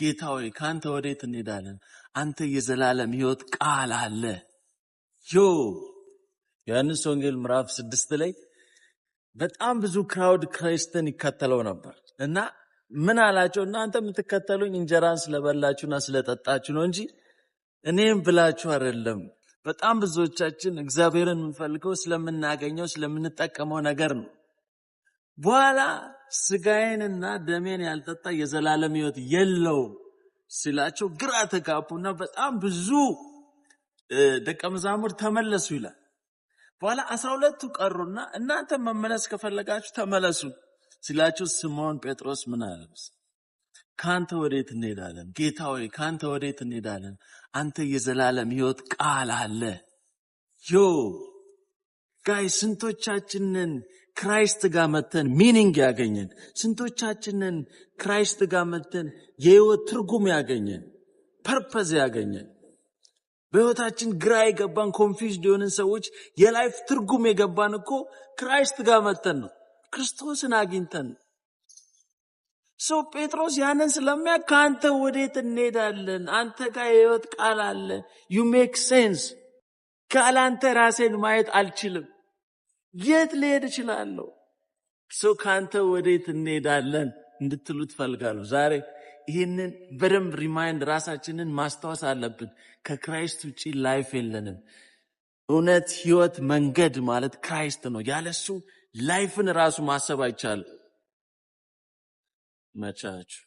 ጌታ ሆይ ከአንተ ወዴት እንሄዳለን? አንተ የዘላለም ሕይወት ቃል አለ። ዮ ዮሐንስ ወንጌል ምዕራፍ ስድስት ላይ በጣም ብዙ ክራውድ ክራይስትን ይከተለው ነበር እና ምን አላቸው? እናንተ የምትከተሉኝ እንጀራን ስለበላችሁና ስለጠጣችሁ ነው እንጂ እኔም ብላችሁ አይደለም። በጣም ብዙዎቻችን እግዚአብሔርን የምንፈልገው ስለምናገኘው ስለምንጠቀመው ነገር ነው። በኋላ ስጋዬንና ደሜን ያልጠጣ የዘላለም ህይወት የለውም ሲላቸው ግራ ተጋቡና በጣም ብዙ ደቀ መዛሙር ተመለሱ ይላል። በኋላ አስራ ሁለቱ ቀሩና እናንተ መመለስ ከፈለጋችሁ ተመለሱ ሲላቸው ስምዖን ጴጥሮስ ምን አለ? ከአንተ ወዴት እንሄዳለን? ጌታ ሆይ ከአንተ ወዴት እንሄዳለን? አንተ የዘላለም ህይወት ቃል አለ። ዮ ጋይ ስንቶቻችንን ክራይስት ጋር መተን ሚኒንግ ያገኘን። ስንቶቻችንን ክራይስት ጋር መተን የህይወት ትርጉም ያገኘን፣ ፐርፐዝ ያገኘን። በህይወታችን ግራ የገባን ኮንፊውዝ የሆንን ሰዎች የላይፍ ትርጉም የገባን እኮ ክራይስት ጋር መተን ነው፣ ክርስቶስን አግኝተን ነው። ሶ ጴጥሮስ ያንን ስለሚያ ከአንተ ወዴት እንሄዳለን? አንተ ጋር የህይወት ቃል አለ። ዩ ሜክ ሴንስ። ካላንተ ራሴን ማየት አልችልም። የት ልሄድ እችላለሁ? ሰው ከአንተ ወዴት እንሄዳለን እንድትሉ ትፈልጋሉ። ዛሬ ይህንን በደንብ ሪማይንድ ራሳችንን ማስታወስ አለብን። ከክራይስት ውጭ ላይፍ የለንም። እውነት ህይወት መንገድ ማለት ክራይስት ነው። ያለሱ ላይፍን ራሱ ማሰብ አይቻልም። መቻች